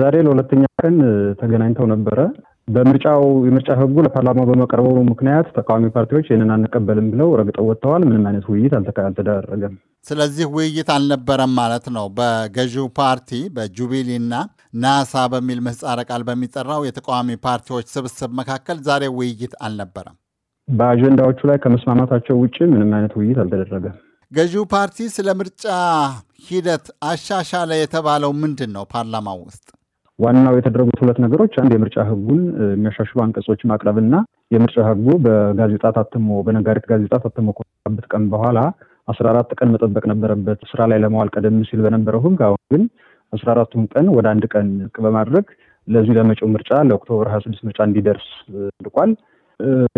ዛሬ ለሁለተኛ ቀን ተገናኝተው ነበረ። በምርጫው የምርጫ ህጉ ለፓርላማው በመቀረቡ ምክንያት ተቃዋሚ ፓርቲዎች ይህንን አንቀበልም ብለው ረግጠው ወጥተዋል። ምንም አይነት ውይይት አልተደረገም። ስለዚህ ውይይት አልነበረም ማለት ነው። በገዢው ፓርቲ በጁቢሊና ናሳ በሚል ምህጻረ ቃል በሚጠራው የተቃዋሚ ፓርቲዎች ስብስብ መካከል ዛሬ ውይይት አልነበረም። በአጀንዳዎቹ ላይ ከመስማማታቸው ውጭ ምንም አይነት ውይይት አልተደረገም። ገዢው ፓርቲ ስለ ምርጫ ሂደት አሻሻለ የተባለው ምንድን ነው? ፓርላማው ውስጥ ዋናው የተደረጉት ሁለት ነገሮች፣ አንድ የምርጫ ህጉን የሚያሻሽሉ አንቀጾች ማቅረብ እና የምርጫ ህጉ በጋዜጣ ታትሞ በነጋሪት ጋዜጣ ታትሞ ከወጣበት ቀን በኋላ አስራ አራት ቀን መጠበቅ ነበረበት ስራ ላይ ለመዋል ቀደም ሲል በነበረው ሕግ። አሁን ግን አስራ አራቱን ቀን ወደ አንድ ቀን በማድረግ ለዚህ ለመጪው ምርጫ ለኦክቶበር ሀያ ስድስት ምርጫ እንዲደርስ ልቋል።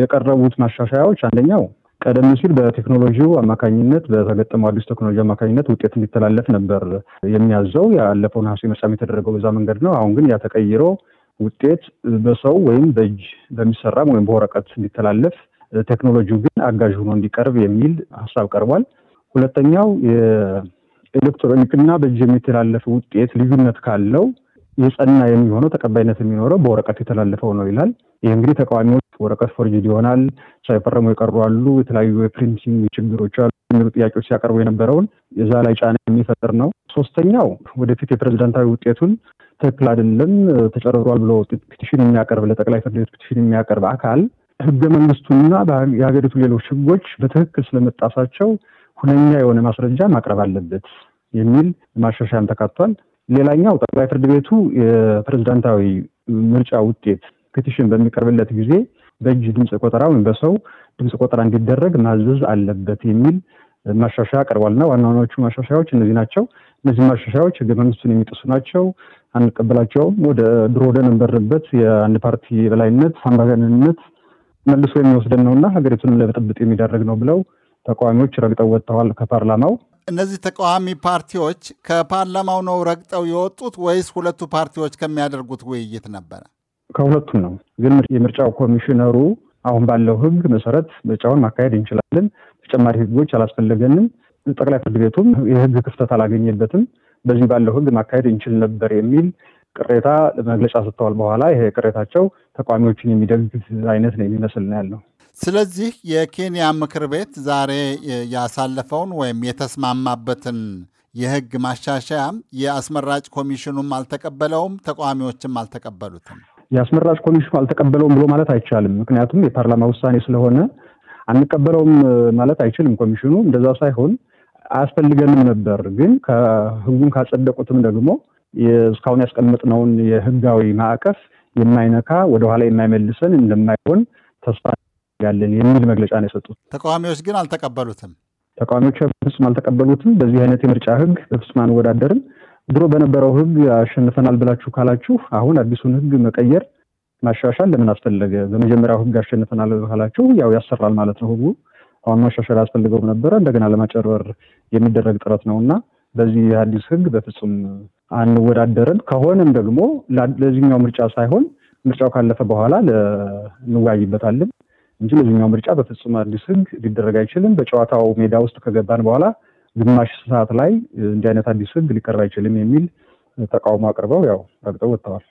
የቀረቡት ማሻሻያዎች አንደኛው ቀደም ሲል በቴክኖሎጂው አማካኝነት በተገጠመው አዲስ ቴክኖሎጂ አማካኝነት ውጤት እንዲተላለፍ ነበር የሚያዘው። ያለፈው ነሐሴ መሳም የተደረገው በዛ መንገድ ነው። አሁን ግን ያ ተቀይሮ ውጤት በሰው ወይም በእጅ በሚሰራም ወይም በወረቀት እንዲተላለፍ ቴክኖሎጂው ግን አጋዥ ሆኖ እንዲቀርብ የሚል ሀሳብ ቀርቧል። ሁለተኛው የኤሌክትሮኒክና በእጅ የሚተላለፍ ውጤት ልዩነት ካለው የጸና የሚሆነው ተቀባይነት የሚኖረው በወረቀት የተላለፈው ነው ይላል። ይህ እንግዲህ ተቃዋሚዎች ወረቀት ፎርጅድ ይሆናል፣ ሳይፈረሙ የቀሩ አሉ፣ የተለያዩ የፕሪንቲንግ ችግሮች አሉ የሚሉ ጥያቄዎች ሲያቀርቡ የነበረውን የዛ ላይ ጫና የሚፈጥር ነው። ሶስተኛው ወደፊት የፕሬዝዳንታዊ ውጤቱን ትክክል አይደለም ተጨረሯል ብሎ ፒቲሽን የሚያቀርብ ለጠቅላይ ፍርድ ቤት ፒቲሽን የሚያቀርብ አካል ህገ መንግስቱና የሀገሪቱ ሌሎች ህጎች በትክክል ስለመጣሳቸው ሁነኛ የሆነ ማስረጃ ማቅረብ አለበት የሚል ማሻሻያም ተካቷል። ሌላኛው ጠቅላይ ፍርድ ቤቱ የፕሬዝዳንታዊ ምርጫ ውጤት ፔቲሽን በሚቀርብለት ጊዜ በእጅ ድምፅ ቆጠራ ወይም በሰው ድምፅ ቆጠራ እንዲደረግ ማዘዝ አለበት የሚል ማሻሻያ ቀርቧልና ዋና ዋናዎቹ ማሻሻያዎች እነዚህ ናቸው። እነዚህ ማሻሻያዎች ህገ መንግስቱን የሚጥሱ ናቸው፣ አንቀበላቸውም። ወደ ድሮ ወደ ነበርንበት የአንድ ፓርቲ የበላይነት አምባገነንነት መልሶ የሚወስደን እና ሀገሪቱንም ለብጥብጥ የሚዳረግ ነው ብለው ተቃዋሚዎች ረግጠው ወጥተዋል ከፓርላማው። እነዚህ ተቃዋሚ ፓርቲዎች ከፓርላማው ነው ረግጠው የወጡት ወይስ ሁለቱ ፓርቲዎች ከሚያደርጉት ውይይት ነበረ? ከሁለቱም ነው። ግን የምርጫው ኮሚሽነሩ አሁን ባለው ሕግ መሰረት ምርጫውን ማካሄድ እንችላለን፣ ተጨማሪ ሕጎች አላስፈለገንም፣ ጠቅላይ ፍርድ ቤቱም የሕግ ክፍተት አላገኘበትም፣ በዚህ ባለው ሕግ ማካሄድ እንችል ነበር የሚል ቅሬታ መግለጫ ሰጥተዋል። በኋላ ይሄ ቅሬታቸው ተቃዋሚዎችን የሚደግፍ አይነት ነው የሚመስል ነው ያለው። ስለዚህ የኬንያ ምክር ቤት ዛሬ ያሳለፈውን ወይም የተስማማበትን የህግ ማሻሻያ የአስመራጭ ኮሚሽኑም አልተቀበለውም፣ ተቃዋሚዎችም አልተቀበሉትም። የአስመራጭ ኮሚሽኑ አልተቀበለውም ብሎ ማለት አይቻልም። ምክንያቱም የፓርላማ ውሳኔ ስለሆነ አንቀበለውም ማለት አይችልም። ኮሚሽኑ እንደዛ ሳይሆን አያስፈልገንም ነበር፣ ግን ህጉን ካጸደቁትም ደግሞ እስካሁን ያስቀመጥነውን የህጋዊ ማዕቀፍ የማይነካ ወደኋላ የማይመልሰን እንደማይሆን ተስፋ ያለን የሚል መግለጫ ነው የሰጡት። ተቃዋሚዎች ግን አልተቀበሉትም። ተቃዋሚዎች በፍጹም አልተቀበሉትም። በዚህ አይነት የምርጫ ህግ በፍጹም አንወዳደርም። ድሮ በነበረው ህግ አሸንፈናል ብላችሁ ካላችሁ አሁን አዲሱን ህግ መቀየር ማሻሻል ለምን አስፈለገ? በመጀመሪያው ህግ አሸንፈናል ካላችሁ ያው ያሰራል ማለት ነው ህጉ። አሁን ማሻሻል ያስፈልገውም ነበረ እንደገና ለማጨርበር የሚደረግ ጥረት ነው እና በዚህ አዲስ ህግ በፍጹም አንወዳደርም። ከሆነም ደግሞ ለዚህኛው ምርጫ ሳይሆን ምርጫው ካለፈ በኋላ እንዋይበታለን። እንጂ ለዚህኛው ምርጫ በፍጹም አዲስ ህግ ሊደረግ አይችልም። በጨዋታው ሜዳ ውስጥ ከገባን በኋላ ግማሽ ሰዓት ላይ እንዲህ አይነት አዲስ ህግ ሊቀር አይችልም የሚል ተቃውሞ አቅርበው ያው ረግጠው ወጥተዋል።